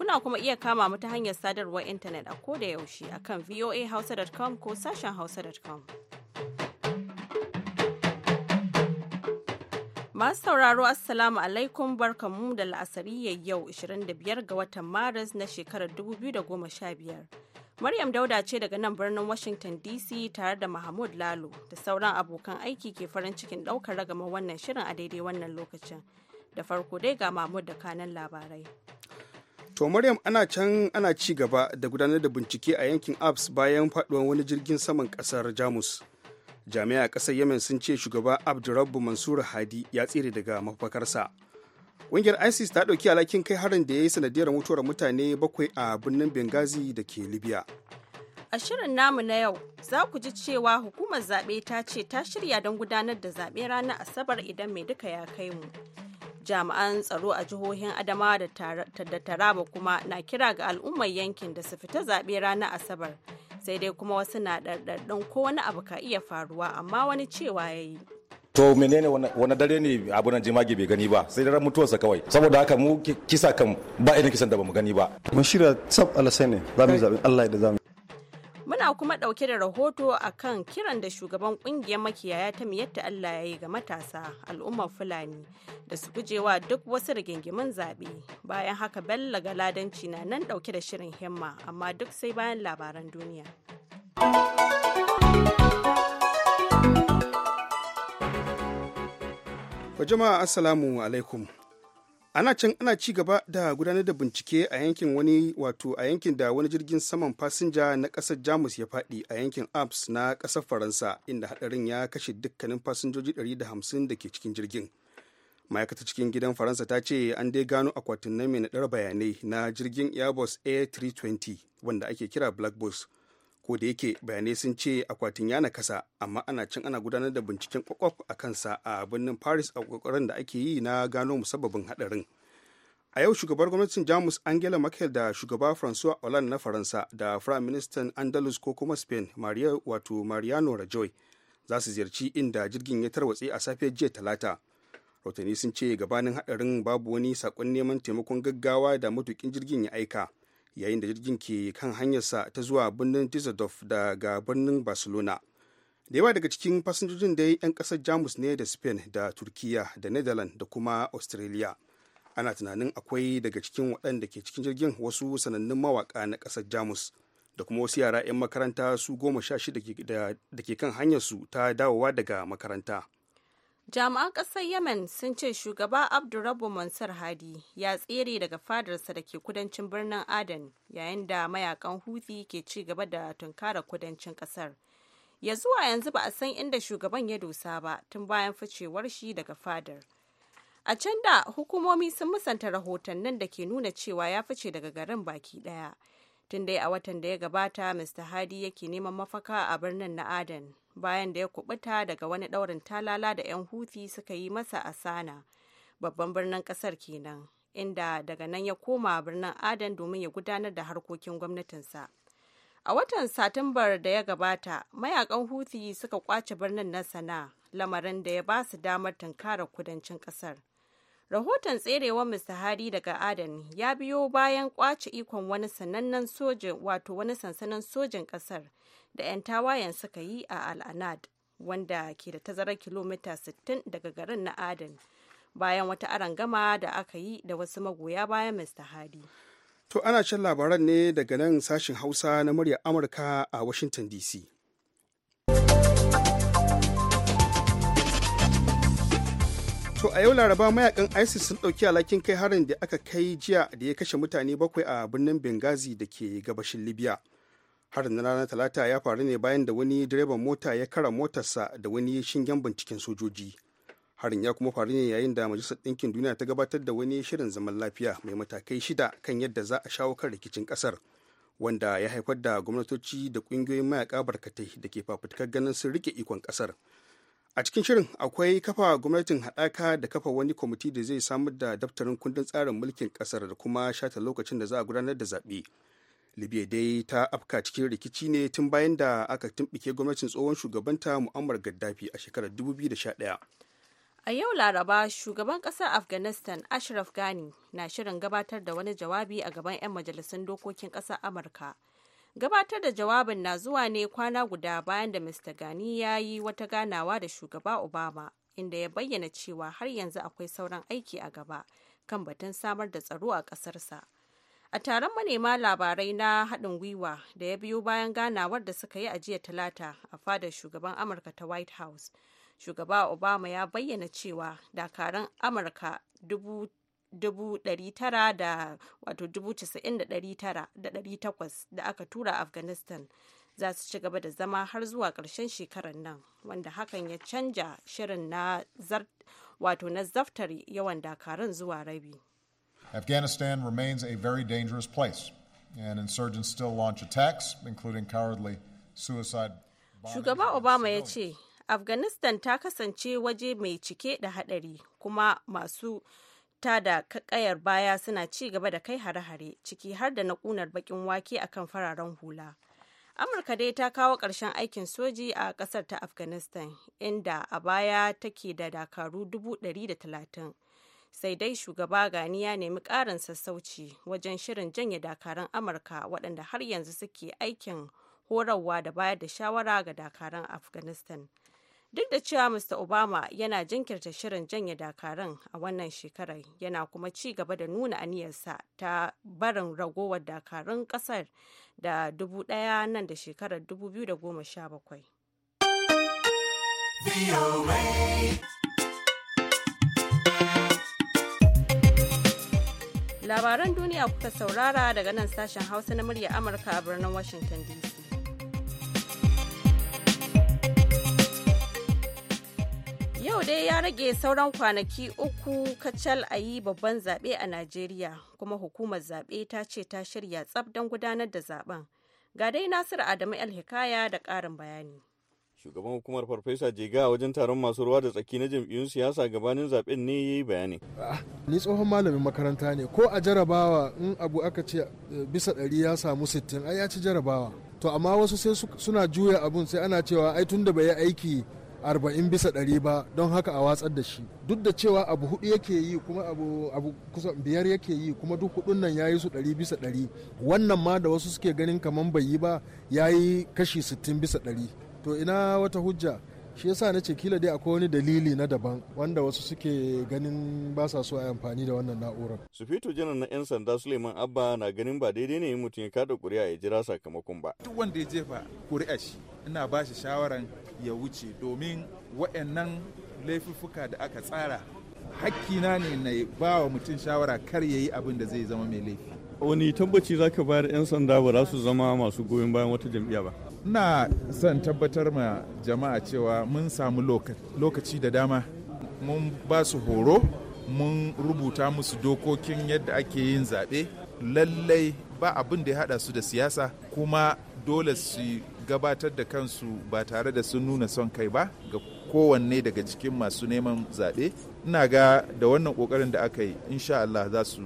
Kuna kuma iya kama mu ta hanyar sadarwar intanet a ko da yaushe akan voahausa.com ko sashen hausa.com. Masu sauraro Assalamu alaikum barkanmu da ya yau 25 ga watan Maris na shekarar 2015. Maryam Dauda ce daga nan birnin Washington DC tare da Mahmud Lalo da sauran abokan aiki ke farin cikin ɗaukar ragama wannan shirin a daidai wannan lokacin. Da farko dai ga Mahmud da kanan labarai. To Maryam ana can ana ci gaba da gudanar da bincike a yankin Alps bayan faduwar wani jirgin saman kasar Jamus. Jami'a kasar Yemen sun ce shugaba Abdurrabbu Mansur Hadi ya tsire daga mafakarsa. Ƙungiyar ISIS ta ɗauki alhakin kai harin da ya yi sanadiyar mutuwar mutane bakwai a birnin Benghazi da ke Libya. A shirin namu na yau za ku ji cewa hukumar zaɓe ta ce ta shirya don gudanar da zaɓe ranar Asabar idan mai duka ya kai mu. jami'an tsaro a jihohin adamawa da taraba kuma na kira ga al'ummar yankin da su fita zaɓe ranar asabar sai dai kuma wasu na ɗarɗarɗin ko wani abu ka iya faruwa amma wani cewa ya yi to menene wani dare ne abu nan jimage bai gani ba sai daren mutuwarsa kawai saboda haka mu kisa kan ba irin kisan da bamu gani ba mun shirya tsab alasai ne za mu zaɓi allah da za mu Muna kuma ɗauke da rahoto a kan kiran da shugaban ƙungiyar makiyaya ta miyatta Allah ya yi ga matasa al'ummar Fulani da su gujewa duk wasu rigingimin zaɓe. Bayan haka Bello Galadanci na nan ɗauke da shirin himma amma duk sai bayan labaran duniya. Jama'a Assalamu alaikum. ana can ana ci gaba da gudanar da bincike a yankin wani wato a yankin da wani jirgin saman fasinja na kasar jamus ya fadi a yankin alps na kasar faransa inda hadarin ya kashe dukkanin fasinjoji 150 da ke cikin jirgin ma'aikata cikin gidan faransa ta ce an dai gano akwatin mai naɗar bayanai na jirgin airbus a320 wanda ake kira black box da yake bayanai sun ce akwatin yana kasa amma ana cin ana gudanar da binciken kwakwaf a kansa a birnin paris a kokarin da ake yi na gano musabbabin hadarin a yau shugabar gwamnatin jamus angela merkel da shugaba francois hollande na faransa da prime minister andalus ko kuma spain maria wato mariano rajoy za su ziyarci inda jirgin ya tarwatse a safiyar jiya talata rahotanni sun ce gabanin hadarin babu wani sakon neman taimakon gaggawa da matukin jirgin ya aika yayin da jirgin ke kan hanyarsa ta zuwa birnin düsseldorf daga birnin barcelona da yawa daga cikin fasinjojin yi 'yan kasar jamus ne da spain da turkiya da netherlands da kuma australia ana tunanin akwai daga cikin waɗanda ke cikin jirgin wasu sanannun mawaka na ƙasar jamus da kuma wasu yara 'yan makaranta su goma sha shida da ke kan hanyarsu ta dawowa daga makaranta jami'an ƙasar yemen sun ce shugaba abdurrabu mansur hadi ya tsere daga fadarsa da ke kudancin birnin aden yayin da mayakan huthi ke ci gaba da tunkara kudancin ƙasar ya zuwa yanzu ba a san inda shugaban ya dosa ba tun bayan ficewar shi daga fadar a can da hukumomi sun musanta rahotannin da ke nuna cewa ya fice daga garin baki daya tun dai a watan da ya gabata mr hadi yake neman mafaka a birnin na aden bayan da ya kubuta daga wani ɗaurin talala da 'yan huthi suka yi masa a sana babban birnin ƙasar kenan inda daga nan ya koma birnin adan domin ya gudanar da harkokin gwamnatinsa a watan satumbar da ya gabata mayakan huthi suka kwace birnin na sana lamarin da ya ba su damar tunkarar kudancin ƙasar rahoton tserewar mr hari daga adan ya biyo bayan kwace ikon wani sanannen sojin wato wani sansanin sojin kasar da 'yan tawayen suka yi a al'anad wanda ke da tazarar kilomita 60 daga garin na adan bayan wata arangama da aka yi da wasu magoya bayan mr hari to ana shan labaran ne daga nan sashin hausa na murya amurka a washington dc To a yau laraba mayakan ISIS sun ɗauki alakin kai harin da aka kai jiya da ya kashe mutane bakwai a birnin Benghazi da ke gabashin Libya. Harin na ranar Talata ya faru ne bayan da wani direban mota ya kara motarsa da wani shingen binciken sojoji. Harin ya kuma faru ne yayin da Majalisar Ɗinkin Duniya ta gabatar da wani shirin zaman lafiya mai matakai shida kan yadda za a shawo kan rikicin ƙasar, wanda ya haifar da gwamnatoci da ƙungiyoyin mayaka barkatai da ke fafutukar ganin sun rike ikon ƙasar. a cikin shirin akwai kafa gwamnatin haɗaka da kafa wani kwamiti da zai samar da daftarin kundin tsarin mulkin ƙasar da kuma shata lokacin da za a gudanar da zaɓe libya dai ta afka cikin rikici ne tun bayan da aka tumɓike gwamnatin tsohon shugabanta mu'ammar gaddafi a shekarar 2011 a yau laraba shugaban ƙasar afghanistan ashraf ghani na shirin gabatar da wani jawabi a gaban 'yan majalisun dokokin ƙasar amurka gabatar da jawabin na zuwa ne kwana guda bayan da mr gani ya yi wata ganawa da shugaba obama inda ya bayyana cewa har yanzu akwai sauran aiki a gaba kan batun samar da tsaro a ƙasarsa a taron manema labarai na haɗin gwiwa da ya biyo bayan ganawar da suka yi a jiya talata a fadar shugaban amurka ta white house shugaba obama ya bayyana cewa dakarun amurka dubu 90,800 da aka tura afghanistan za su ci gaba da zama har zuwa ƙarshen shekarar nan wanda hakan ya canja shirin na wato na zaftar yawan dakarun zuwa rabi afghanistan remains a very dangerous place and insurgents still launch attacks including cowardly suicide shugaba obama ya ce afghanistan ta kasance waje mai cike da hadari kuma masu ta da kakayar baya suna ci gaba da kai hare-hare ciki har da na kunar bakin wake akan fararen hula amurka dai ta kawo ƙarshen aikin soji a ƙasar ta afghanistan inda a baya take da dakaru 130 sai dai shugaba gani ya nemi ƙarin sassauci wajen shirin janye dakaran amurka waɗanda har yanzu suke aikin horarwa da bayar da shawara ga dakaran afghanistan duk da cewa mr obama yana jinkirta shirin janye dakaran a wannan shekarar yana kuma ci gaba da nuna aniyarsa ta barin ragowar dakarun kasar da dubu daya nan da shekarar 2017 labaran duniya kuka saurara daga nan sashen hausa na murya amurka a birnin washington dc yau dai ya rage sauran kwanaki uku kacal a yi babban zaɓe a najeriya kuma hukumar zaɓe ta ce ta shirya tsab don gudanar da zaben ga dai nasiru adamu alhikaya da ƙarin bayani shugaban hukumar farfesa jega wajen taron masu ruwa da tsaki na jam'iyyun siyasa gabanin zaben ne ya yi bayani ni tsohon malamin makaranta ne ko a jarabawa in abu aka ce e, bisa ɗari ya samu sittin ai ya ci jarabawa to amma wasu sai suna juya abun sai ana cewa ai tun da bai yi aiki arba'in bisa ɗari ba don haka a watsar da shi duk da cewa abu hudu yake yi kuma abu, abu kusan biyar yake yi kuma duk hudun nan ya yi su ɗari bisa ɗari wannan ma da wasu suke ganin kamar bai yi ba ya yi kashi sittin bisa ɗari to ina wata hujja shi yasa na ce kila dai akwai wani dalili na daban wanda wasu suke ganin ba sa so a yi amfani da wannan na'urar sufito janar na yan sanda suleiman abba na ganin ba daidai ne mutum ya kada kuri'a ya jira sakamakon ba duk wanda ya jefa kuri'a shi ina ba shi shawaran ya wuce domin wa'annan laifuffuka da aka tsara hakkina ne na ba wa mutum shawara kar ya yi abin da zai zama mai laifi wani tabbaci zaka bayar 'yan sanda ba za su zama masu goyon bayan wata jam'iyya ba ina son tabbatar ma jama'a cewa mun samu lokaci da dama mun ba su horo mun rubuta musu dokokin yadda ake yin zaɓe lallai ba abin da ya haɗa su da siyasa kuma dole su gabatar da kansu ba tare da sun nuna son kai ba ga kowanne daga cikin masu neman zaɓe ina ga da wannan ƙoƙarin da aka yi insha Allah za su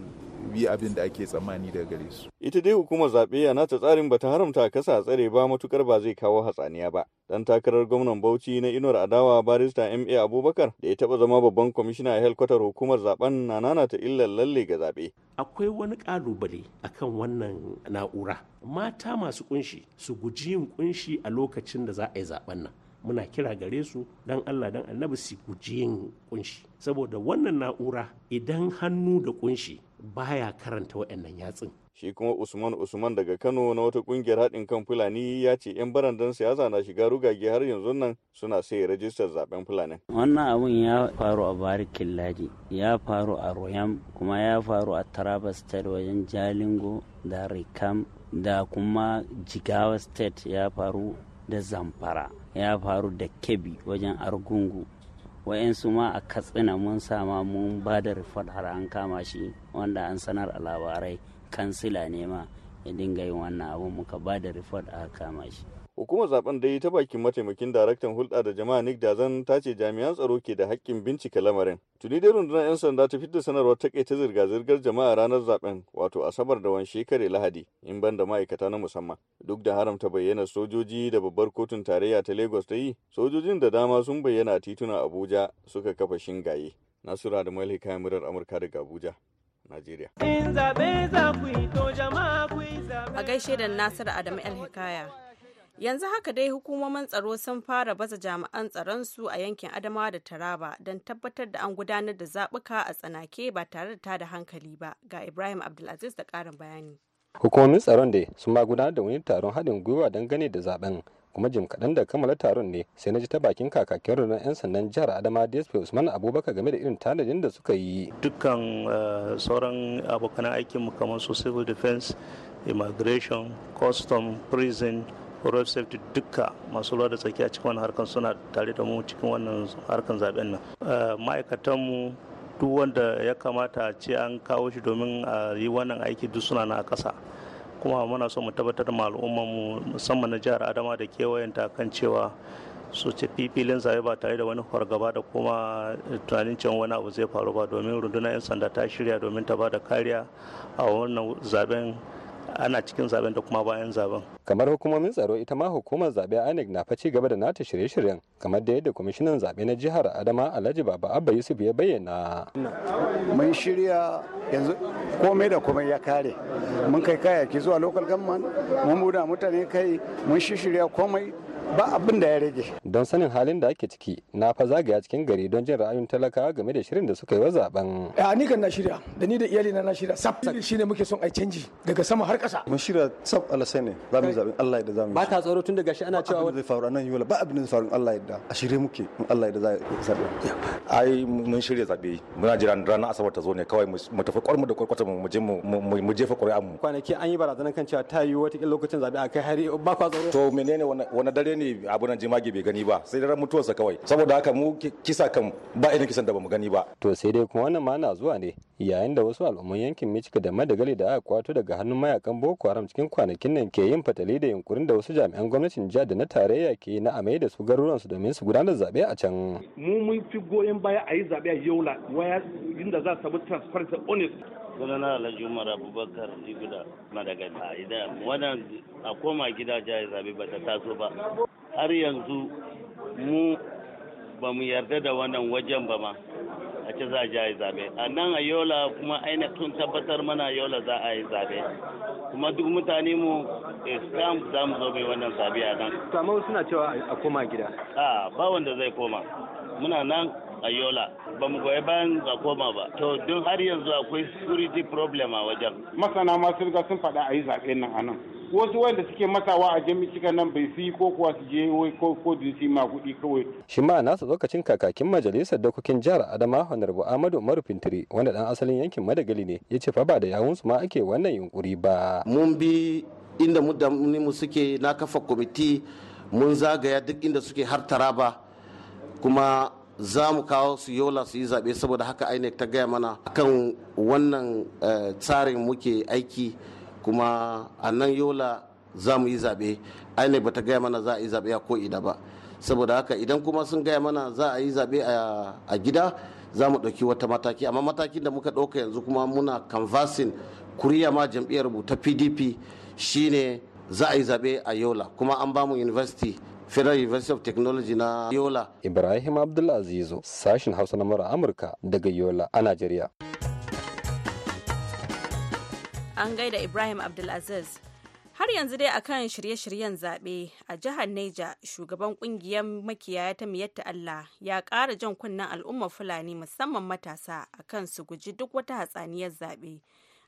bi abin da ake tsammani daga gare su. Ita dai hukumar zaɓe a nata tsarin bata haramta kasa tsare ba matukar ba zai kawo hatsaniya ba. Dan takarar gwamnan Bauchi na Inuwar Adawa barista MA Abubakar da ya taɓa zama babban kwamishina a helkwatar hukumar zaɓen na nana ta illar lalle ga zaɓe. Akwai wani ƙalubale akan wannan na'ura. Mata masu kunshi su guji yin kunshi a lokacin da za a yi zaɓen nan. muna kira gare su dan Allah dan annabi su guji yin kunshi saboda wannan na'ura idan hannu da kunshi baya karanta waɗannan yatsun shi kuma usman usman daga kano na wata kungiyar haɗin kan fulani ya ce 'yan barandan siyasa na shiga rugage har yanzu nan suna sai rajistar zaben fulani wannan abun ya faru a barikin laji ya faru a royam kuma ya faru a taraba state wajen jalingo da rikam da kuma jigawa state ya faru da zamfara ya faru da kebi wajen argungu wa'yansu ma a katsina mun sama mun ba da rifot har an kama shi wanda an sanar a labarai kansila ne ma ya dinga yin wannan abun muka ba da rifot a kama shi Hukumar zaben dai ta bakin mataimakin daraktan hulɗa da jama'a Nick Dazan ta ce jami'an tsaro ke da haƙƙin bincika lamarin. Tuni dai rundunar 'yan sanda ta fitar sanarwar ta ta zirga-zirgar jama'a ranar zaben wato Asabar da wani shekare Lahadi in ban da ma'aikata na musamman. Duk da haramta bayyana sojoji da babbar kotun tarayya ta Lagos ta yi, sojojin da dama sun bayyana tituna Abuja suka kafa shingaye. Nasura da mali kayan murar Amurka daga Abuja. Najeriya. A gaishe da Nasiru Adamu El Hikaya. yanzu haka dai hukumomin tsaro sun fara baza jami'an tsaron su a yankin adamawa da taraba don tabbatar da an gudanar da zabuka a tsanake ba tare da tada hankali ba ga ibrahim abdulaziz da karin bayani hukumomin tsaron dai sun ma gudanar da wani taron haɗin gwiwa don gane da zaben kuma jim kaɗan da kammala taron ne sai na ji ta bakin kakakin rundunar 'yan sandan jihar adama dsp usman abubakar game da irin tanadin da suka yi dukkan eh, sauran abokan aikinmu kamar su civil defense immigration custom prison road safety duka masu ruwa da tsaki a cikin wannan harkan suna tare da mu cikin wannan harkan zaben nan eh, ma'aikatanmu duk wanda ya kamata ce an kawo shi domin a yi wannan aiki duk suna na ƙasa kuma muna so mu tabbatar da mu musamman na jihar adama da kewayenta kan cewa su ce filin zabe ba tare da wani fargaba da kuma tunanin can wani abu zai faru ba domin rundunar 'yan sanda ta shirya domin ta ba da kariya a wannan zaben ana cikin zaben da kuma bayan zaben. Kamar hukumomin tsaro ita ma hukumar zaɓe INEC na fa gaba da nata shirye-shiryen kamar da yadda kwamishinan zaɓe na jihar Adama Alhaji Baba Abba Yusuf ya bayyana. Mun shirya yanzu komai da komai ya kare. Mun kai kayayyaki zuwa local government, mun buda mutane kai, mun shirya komai ba abin da ya rage. Don sanin halin da ake ciki na fa zagaya cikin gari don jin ra'ayin talakawa game da shirin da suka yi wa zaben. A ni kan na shirya da ni da iyali na na shirya sab shi ne muke son a canji daga sama har ƙasa. Mun shirya sab alasai ne za mu zaɓi Allah ya da za mu. Ba ta tsaro tun daga shi ana cewa wani zai faru anan yola ba abin da zai faru Allah ya da a shirye muke in Allah ya da za zaɓe. Ai mun shirya zaɓe muna jiran ranar asabar ta zo ne kawai mu tafi kwarmu da kwarkwata mu je mu jefa ƙuri'a mu. Kwanaki an yi barazanar kan cewa ta yiwu wata lokacin zaɓe a kai hari ba kwa tsoro. To menene wani dare ne abu nan jimage bai gani ba sai ran mutuwarsa kawai saboda haka mu kisa kan ba irin kisan da bamu gani ba to sai dai kuma wannan ma na zuwa ne yayin da wasu al'umman yankin Michigan da Madagali da aka kwato daga hannun mayakan Boko Haram cikin kwanakin nan ke yin fatali da yunkurin da wasu jami'an gwamnatin jihar da na tarayya ke na amai da su garuruwan su domin su gudanar zaɓe a can. Mu mun fi goyon baya a yi zaɓe a Yola waya inda za a samu transparency honest. na Alhaji Umar Abubakar Jiguda Madagali. Idan wannan a koma gida jihar zaɓe ba ta taso ba. Har yanzu mu ba mu yarda da wannan wajen ba ma. a ce za a je a yi zabe a nan a yola kuma ainihin tun tabbatar mana yola za a yi zabe kuma duk mutane mu islam eh, za mu zo mai wannan zabe a nan to suna cewa a koma gida a ba wanda zai koma muna nan a yola ba mu goyi bayan a koma ba to don har yanzu akwai security problem a wajen masana ma sun sun faɗa a yi zaɓe nan a nan wasu wanda suke matawa a cika nan bai fi ko kuwa su je wai ko ko su ma kuɗi kawai. shi ma su lokacin kakakin majalisar dokokin jihar adama honorable amadu umaru fintiri wanda dan asalin yankin madagali ne ya ce fa ba da yawunsu ma ake wannan yunkuri ba. mun bi inda mu suke na kafa kwamiti mun zagaya duk inda suke har taraba kuma za mu kawo su yola su yi zaɓe saboda haka inec ta gaya mana akan wannan eh, tsarin muke aiki kuma a nan yola za mu yi zaɓe ainihin ba ta gaya mana za a yi zaɓe a ko'ina ba saboda haka idan kuma sun gaya mana za a yi zaɓe a gida za mu ɗauki wata mataki amma matakin da muka ɗauka yanzu kuma muna canvassing kuriya ma jam'iyyar mu ta pdp shine za a yi zaɓe a yola kuma an bamu university federal university of technology na yola ibrahim abdulaziz sashin hausa na mara amurka daga yola a najeriya An gaida Ibrahim Abdulaziz. Har yanzu dai akan shirye-shiryen zaɓe a jihar Neja shugaban ƙungiyar makiyaya ta miyatta Allah ya ƙara jan kunnen al'ummar Fulani musamman matasa akan su guji duk wata hatsaniyar zaɓe.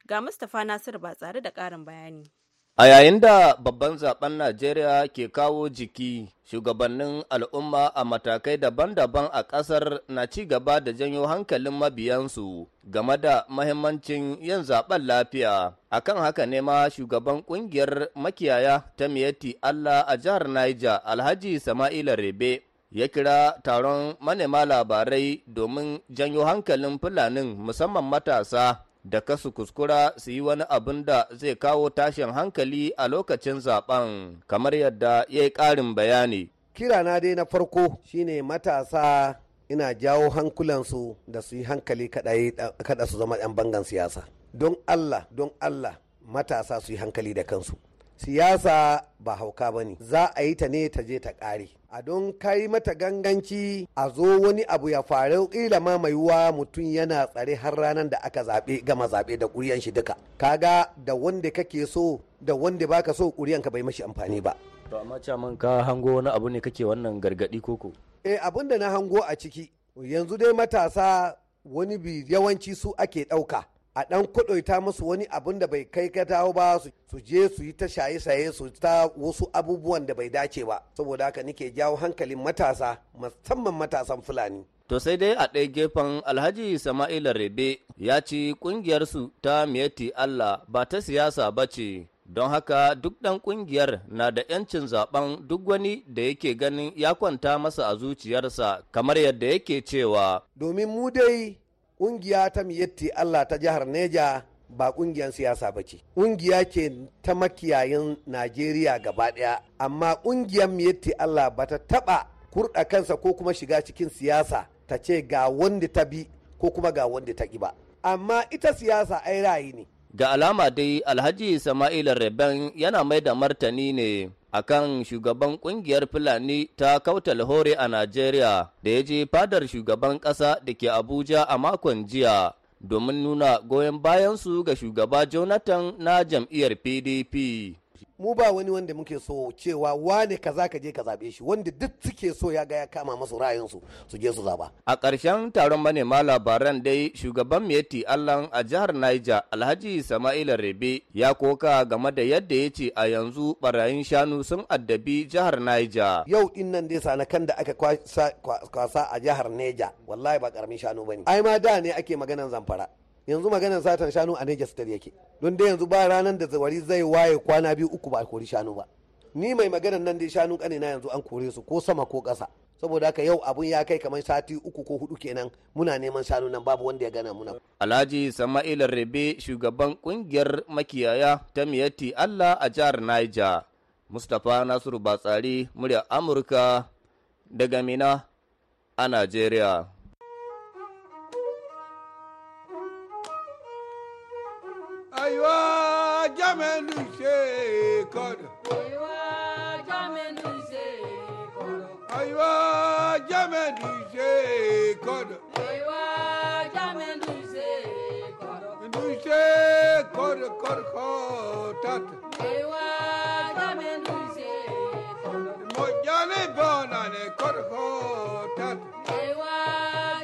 Ga Mustapha Nasiru ba tsare da ƙarin bayani. A yayin da babban zaben Najeriya ke kawo jiki, shugabannin al'umma a matakai daban-daban a ƙasar na ci gaba da janyo hankalin mabiyansu game da mahimmancin yin zaben lafiya. Akan haka ne ma shugaban ƙungiyar makiyaya ta miyati Allah a jihar Niger, Alhaji Sama'ila Rebe, ya kira taron manema labarai domin janyo hankalin Fulanin musamman matasa. da kasu kuskura su yi wani abin da zai kawo tashin hankali a lokacin zaben kamar yadda ya yi ƙarin bayani. Kirana dai na farko shine matasa ina jawo hankulansu da su yi hankali kada su zama 'yan bangan siyasa. Don Allah, don Allah matasa su yi hankali da kansu. Siyasa ba hauka ba ne, za a yi ta ne ta je ta ƙare. a don kai mata ganganci a zo wani abu ya faru kila ma mai yiwuwa mutum yana tsare har ranar da aka zaɓe gama zaɓe da ƙuriyan shi duka kaga da wanda kake so da wanda baka so ƙuriyan ka bai mashi amfani ba to amma caman ka hango wani abu ne kake wannan gargadi koko eh abin da na hango a ciki yanzu dai matasa wani bi yawanci su ake ɗauka a ɗan kuɗaita musu wani abun da bai kai ka dawo ba su je su yi ta shaye-shaye su ta wasu abubuwan da bai dace ba saboda haka nike jawo hankalin matasa musamman matasan fulani To sai dai a ɗaya gefen Alhaji Sama'ila Rebe ya ci ƙungiyarsu ta miyati Allah ba ta siyasa ba ce, don haka duk ɗan ƙungiyar na da ‘yancin zaben duk wani da yake ganin ya kwanta masa a zuciyarsa kamar yadda yake cewa. Domin mu dai ƙungiya ta miyatti Allah ta jihar Neja ba ƙungiyar siyasa ba ce. Ƙungiya ke ta makiyayin Najeriya gaba ɗaya, amma ƙungiyar miyatti Allah ba ta taɓa kurɗa kansa ko kuma shiga cikin siyasa ta ce ga wanda ta bi ko kuma ga wanda ta ƙi ba. Amma ita siyasa ai rayi ne. Ga alama dai Alhaji Sama'ilar Reben yana mai da martani ne akan shugaban kungiyar Fulani ta kauta hore a Najeriya da ya je fadar shugaban ƙasa da ke Abuja a makon jiya domin nuna goyon bayansu ga shugaba Jonathan na jam'iyyar PDP. mu ba wani wanda muke so cewa wane kaza ka je ka zabe shi wanda duk suke so ya ga ya kama masu ra'ayinsu su je su zaba a ƙarshen taron manema labaran dai shugaban meti allan a jihar niger alhaji sama'ila rebe ya koka game da yadda ya ce a yanzu barayin shanu sun addabi jihar niger yau din nan dai sanakan da aka kwasa a jihar niger wallahi ba karamin shanu bane ai ma da ne ake maganan zamfara yanzu maganar satan shanu a Niger State yake don dai yanzu ba ranar da zawari zai waye kwana biyu uku ba a kori shanu ba ni mai maganar nan dai shanu kane na yanzu an kore su ko sama ko kasa saboda haka yau abun ya kai kamar sati uku ko hudu kenan muna neman shanu nan babu wanda ya gana muna. Alhaji Sama'il Rebe shugaban kungiyar makiyaya ta miyati Allah a jihar Niger. Mustapha Nasiru Batsari murya Amurka daga Mina a nigeria. jamenu se kodo. Oyiwa jamenu se kodo. Oyiwa jamenu se kodo. Oyiwa jamenu se kodo. Nu se kodo kodo kotat. Oyiwa jamenu se kodo. Mojane bona ne kodo kotat. Oyiwa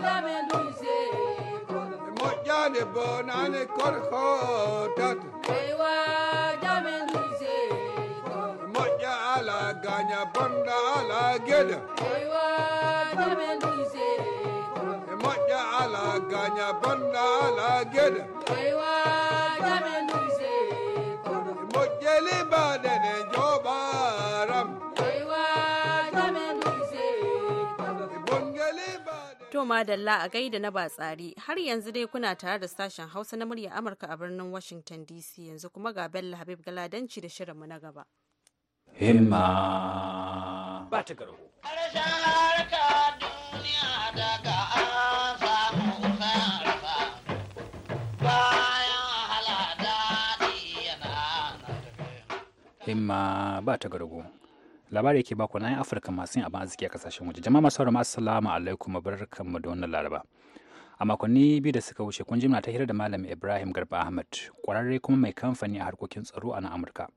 jamenu se Mojane bona ne kodo together. Imọ̀já alàgànyà To madalla a gaida na ba tsari har yanzu dai kuna tare da sashen Hausa na murya Amurka a birnin Washington DC yanzu kuma ga Bello Habib Galadanci da shirinmu na gaba. himma ba ta garho. Himma ba ta gargo. Labari ke bako na yin Afirka masu yin abin arziki a kasashen waje. Jama'a masu haramu assalamu alaikum barkanmu da wannan laraba. a makonni biyu da suka wuce kun jimna ta hira da malam ibrahim garba ahmad kwararre kuma mai kamfani a harkokin tsaro a nan amurka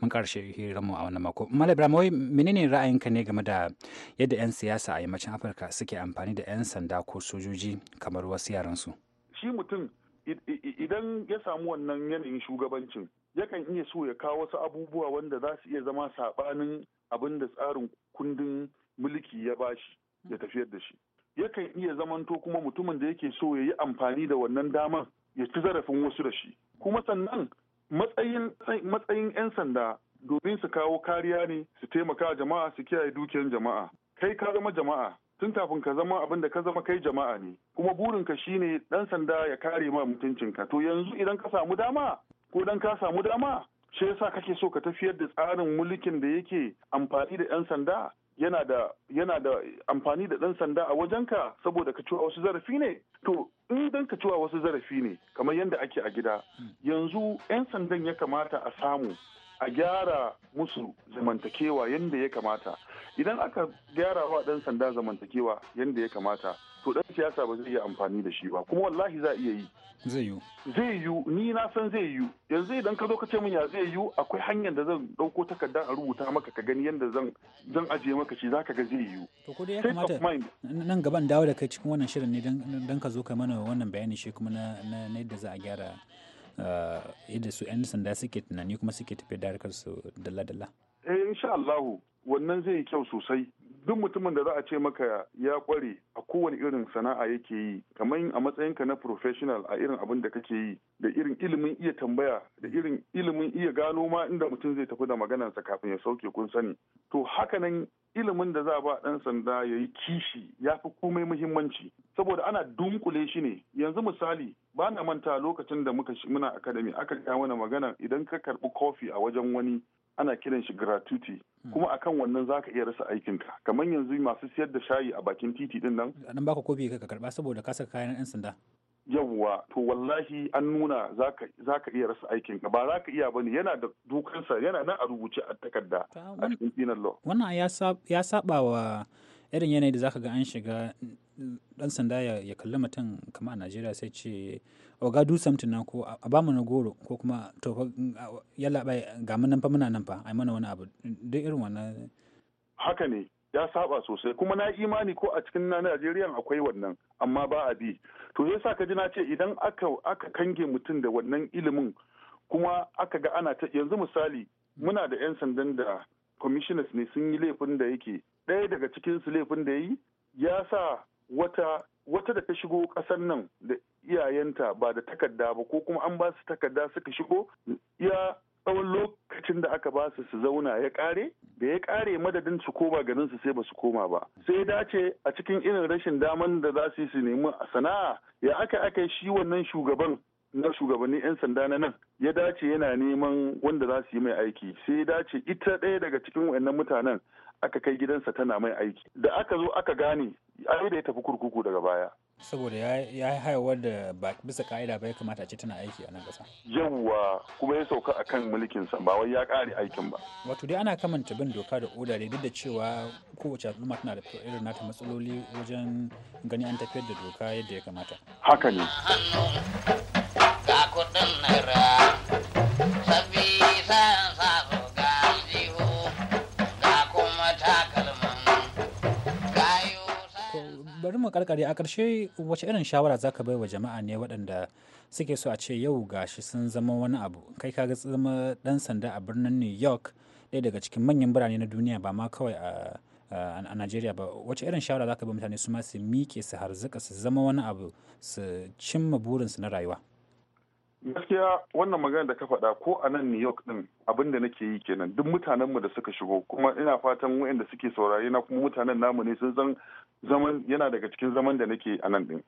mun karshe mu a wannan mako malam ibrahim menene ra'ayinka ne game da yadda 'yan siyasa a yammacin afirka suke amfani da 'yan sanda ko sojoji kamar wasu yaransu shi mutum idan ya samu wannan yanayin shugabancin yakan iya so ya kawo wasu abubuwa wanda za su iya zama saɓanin abin da tsarin kundin mulki ya bashi ya tafiyar da shi yakan iya zamanto kuma mutumin da yake so ya yi amfani da wannan damar ya ci zarafin wasu da shi kuma sannan matsayin 'yan sanda domin su kawo kariya ne su taimaka jama'a su kiyaye dukiyar jama'a kai ka zama jama'a tun kafin ka zama abin da ka zama kai jama'a ne kuma burinka shine dan sanda ya kare ma mutuncinka to yanzu idan ka samu dama ko dan ka samu dama shi yasa kake so ka tafiyar da tsarin mulkin da yake amfani da 'yan sanda yana da amfani da ɗan sanda a wajenka saboda ka ciwa wasu zarafi ne to in dan ka ciwa wasu zarafi ne kamar yadda ake a gida hmm. yanzu 'yan sandan ya kamata a samu a gyara musu zamantakewa yadda ya kamata idan aka gyara wa dan sanda zamantakewa yadda ya kamata to dan siyasa ba zai iya amfani da shi ba kuma wallahi za iya yi zai yi zai yi ni na san zai yi yanzu idan ka zo ka ce min ya zai yi akwai hanyar da zan dauko takarda a rubuta maka ka gani yadda zan zan ajiye maka shi zaka ga zai yi to ko dai ya kamata nan gaban dawo da kai cikin wannan shirin ne dan ka zo ka mana wannan bayani shi kuma na na yadda za a gyara Eh, yadda su 'yan sanda suke tunani kuma suke tafiya da harkar su dalla-dalla. Eh insha Allahu wannan zai yi kyau sosai duk mutumin da za a ce maka ya kware a kowane irin sana'a yake yi kamar a matsayinka na professional a irin abin da kake yi da irin ilimin iya tambaya da irin ilimin iya gano ma inda mutum zai tafi da maganarsa kafin ya sauke kun sani to haka nan ilimin da za a ba ɗan sanda ya yi kishi ya fi komai muhimmanci saboda ana dunkule shi ne yanzu misali ba na manta lokacin da muka muna akadami aka kawo mana magana idan ka karɓi kofi a wajen wani ana kiran shi gratuity hmm. kuma akan wannan zaka iya rasa aikin ka. kamar yanzu masu siyar da shayi a bakin titi din nan a nan baka kofi ka karba saboda ka saka kayan yan sanda yawwa to wallahi an nuna za ka iya rasa aikin ba za ka iya ba ne yana da dukansa yana nan a rubuce a takarda a cikin penal law wannan ya saba wa irin yanayi da zaka ga an shiga dan sanda ya kalli mutum kama a najeriya sai ce oga do something na ko a bamu na goro ko kuma to yalla bai ga mun nan fa muna nan fa ai mana wani abu duk irin wannan haka ne ya saba sosai kuma na imani ko a cikin na Najeriya akwai wannan amma ba a bi to yasa ka ji na ce idan aka aka kange mutum da wannan ilimin kuma aka ga ana ta yanzu misali muna da 'yan sandan da commissioners ne sun yi laifin da yake ɗaya daga cikin su laifin da yi ya sa wata wata da ta shigo ƙasar nan da iyayenta ba da takarda ba ko kuma an ba su takarda suka shigo ya tsawon lokacin da aka ba su su zauna ya ƙare da ya ƙare madadin su ko ba su sai ba su koma ba sai dace a cikin irin rashin daman da za su yi su nemi sana'a ya aka aka shi wannan shugaban na shugabannin 'yan sanda na nan ya dace yana neman wanda za su yi mai aiki sai ya dace ita ɗaya daga cikin wayannan mutanen aka kai gidansa tana mai aiki da aka zo aka gane ai da ya tafi kurkuku daga baya saboda ya haihuwar da ba bisa ka'ida ba ya kamata ce tana aiki a nan ƙasa. yawwa kuma ya sauka a kan mulkin sa ba wai ya ƙare aikin ba wato dai ana kamanta bin doka da oda ne duk da cewa kowace al'umma tana da irin nata matsaloli wajen gani an tafiyar da doka yadda ya kamata haka ne bari mu karkare a ƙarshe wace irin shawara za ka bai wa jama'a ne waɗanda suke so a ce yau gashi sun zama wani abu kai ka zama ɗan sanda a birnin new york ɗaya daga cikin manyan birane na duniya ba ma kawai a nigeria ba wace irin shawara za ka ba mutane su ma su miƙe su harzuka su zama wani abu su cimma burinsu na rayuwa gaskiya wannan magana da ka faɗa ko a nan new york din abin da nake yi kenan duk mutanenmu da suka shigo kuma ina fatan wayanda suke saurari na kuma mutanen namu ne sun zaman yana daga cikin zaman da nake a nan din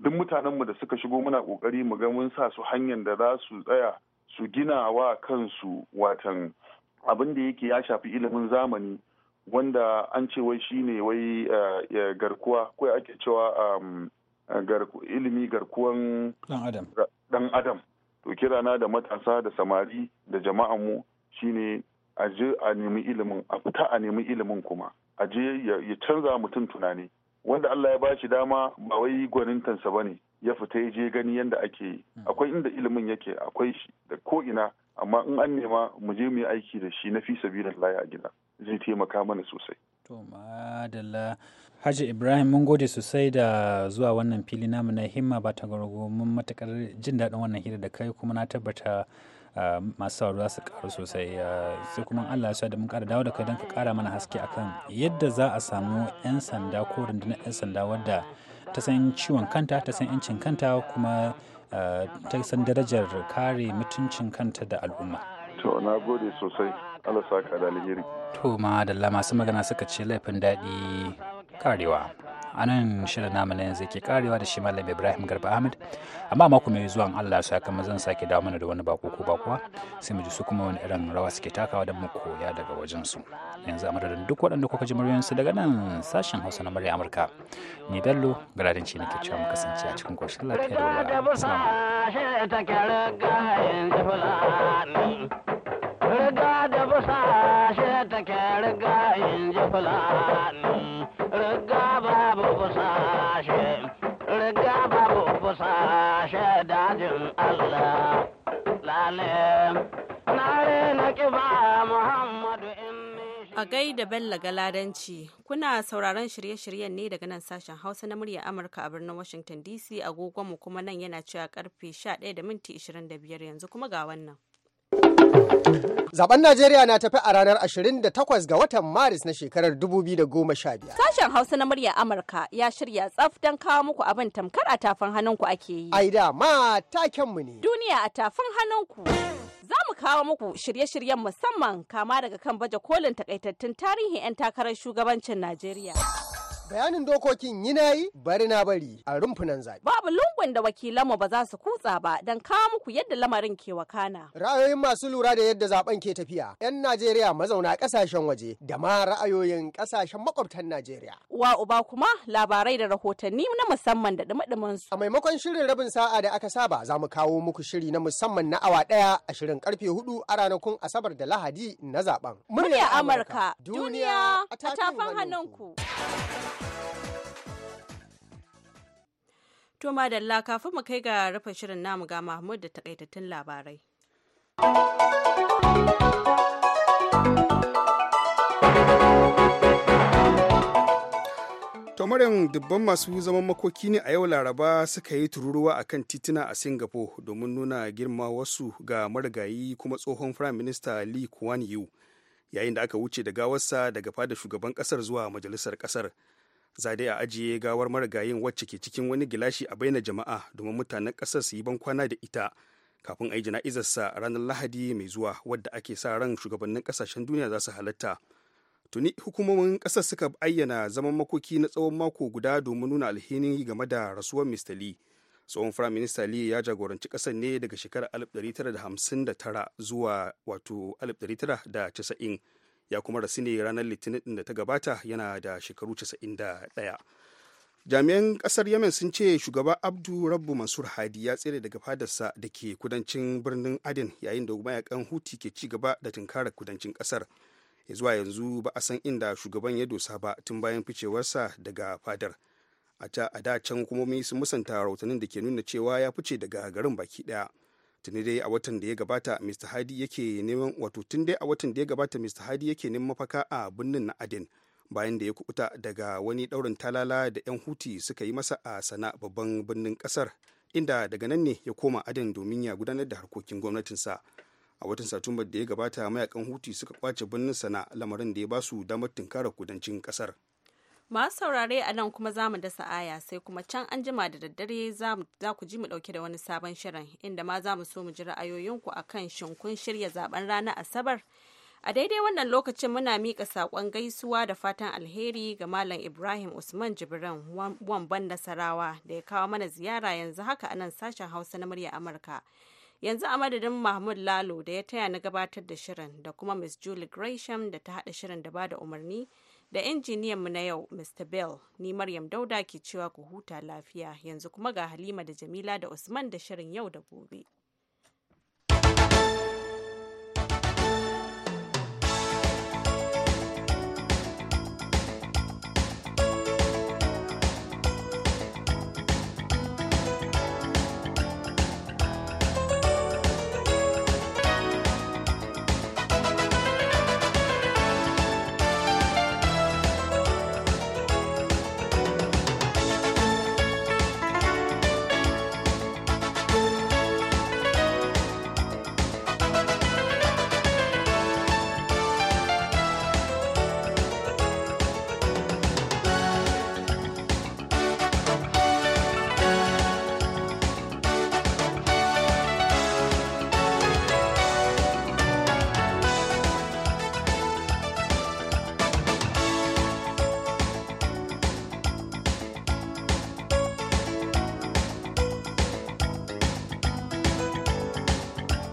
duk mutanenmu da suka shigo muna kokari mu ga mun sa su hanyar da za su tsaya su gina wa kansu watan abin da yake ya shafi ilimin zamani wanda an ce wai shine wai eh, eh, garkuwa ko ake cewa um, eh, ilimi garkuwan dan adam to kirana da matasa da samari da jama'an mu shine a je a nemi ilimin a fita a nemi ilimin kuma a je ya canza mutum tunani wanda Allah ya bashi dama ba wai gwanintansa bane ya fita ya je gani yadda ake yi hmm. akwai inda ilimin yake akwai shi da ko ina amma in an nema mu je mu yi aiki da shi na fi sabilillahi a gida zai taimaka mana sosai To madalla. Haji Ibrahim mun gode sosai da zuwa wannan fili namu na himma ba ta mun matakar jin daɗin wannan hira da kai kuma na tabbata ah, masu sauraro za su karu sosai ah, sai kuma Allah ya sa da mun kara dawo da kai don ka kara mana haske akan yadda za a samu 'yan sanda ko rundunar 'yan sanda wadda ta san ciwon kanta ta san 'yancin kanta kuma ah, ta san darajar kare mutuncin kanta da al'umma. To, na gode sosai. Allah saka da alheri. To, masu magana suka ce laifin daɗi karewa. a nan shirin namu na yanzu ke karewa da shi malam ibrahim garba ahmed amma mako mai zuwan allah su haka zan sake dawo mana da wani bako ko bakuwa sai mu ji su kuma wani irin rawa suke takawa don mu koya daga wajen su yanzu a madadin duk waɗanda kuka ji muryoyinsu daga nan sashen hausa na murya amurka ni bello ci nake cewa mu kasance a cikin koshin lafiya da walwala take riga in ji fulani riga babu A gaida Bello Galadanci, kuna sauraron shirye-shiryen ne daga nan sashen Hausa na murya Amurka a birnin Washington DC agogonmu kuma nan yana cewa karfe 11 da minti 25 yanzu kuma ga wannan. Zaben Najeriya na tafi a ranar 28 ga watan Maris na shekarar 2015. Sashen Hausa na murya Amurka ya shirya tsaf don kawo muku abin tamkar a tafin hannunku ake yi. aida da ma takenmu ne. Duniya a tafin hannunku. Za mu kawo muku shirye-shiryen musamman kama daga kan baje kolin takaitattun tarihin 'yan takarar shugabancin Najeriya. bayanin dokokin yi na yi bari na bari a rumfunan zaɓe. Babu lungun da wakilanmu ba za su kutsa ba don kawo muku yadda lamarin ke wakana. Ra'ayoyin masu lura da yadda zaben ke tafiya 'yan Najeriya mazauna ƙasashen waje da ma ra'ayoyin ƙasashen makwabtan Najeriya. Wa uba kuma labarai da rahotanni na musamman da dumadumin su. A maimakon shirin rabin sa'a da aka saba za mu kawo muku shiri na musamman na awa ɗaya a shirin karfe hudu a ranakun Asabar da Lahadi na zaben. Murya Amurka duniya a tafin hannunku. To madalla kafin mu kai ga rufe shirin namu ga Mahmud da takaitattun labarai. Tomarin dubban masu zaman makoki ne a yau Laraba suka yi tururuwa a kan titina a Singapore domin nuna girma wasu ga marigayi kuma tsohon prime minister Lee Kuan Yew yayin da aka wuce da gawarsa daga fada shugaban kasar zuwa majalisar kasar. za a ajiye gawar marigayin wacce ke cikin wani gilashi a baina jama'a domin mutanen ƙasar su yi bankwana da ita kafin a yi jana'izarsa ranar lahadi mai zuwa wadda ake sa ran shugabannin ƙasashen duniya za su halatta tuni hukumomin ƙasar suka ayyana zaman makoki na tsawon mako guda domin nuna alhini game da rasuwar mr lee tsohon firaminista lee ya jagoranci ƙasar ne daga shekarar 1959 zuwa wato 1990 ya kuma rasu ne ranar litinin din da ta gabata yana da shekaru 91 jami'an kasar yemen sun ce shugaba abdu rabbu mansur hadi ya tsere daga fadarsa da ke kudancin birnin adin yayin da mayakan huti ke ci gaba da tunkara kudancin ƙasar ya zuwa yanzu ba a san inda shugaban ya dosa ba tun bayan ficewarsa daga fadar a da can hukumomi sun musanta rahotannin da ke nuna cewa ya fice daga garin baki daya tuni dai a watan da ya gabata mr hadi yake neman wato tun dai a watan da ya gabata mr hadi yake neman mafaka a birnin na aden bayan da ya kubuta daga wani daurin talala da 'yan huti suka yi masa a sana babban birnin kasar inda daga nan ne ya koma aden domin ya gudanar da harkokin gwamnatinsa a watan satumbar da ya gabata mayakan huti suka kwace birnin sana lamarin da ya basu damar tunkarar kudancin kasar Masu saurare a nan kuma zamu mu dasa aya sai kuma can an jima da daddare za ku ji mu ɗauke da wani sabon shirin inda ma za mu so mu ji ra'ayoyinku a kan shin kun shirya zaben rana Asabar. A daidai wannan lokacin muna mika saƙon gaisuwa da fatan alheri ga Malam Ibrahim Usman Jibran wamban Nasarawa da ya kawo mana ziyara yanzu haka a nan sashen Hausa na murya Amurka. yanzu a madadin mahmud lalo da ya taya na gabatar da shirin da kuma miss julie gresham da ta haɗa shirin da ba da umarni da injiniyan mu na yau Mr. Bell ni Maryam Dauda ke cewa ku huta lafiya yanzu kuma ga Halima da Jamila da Usman da shirin yau da gobe.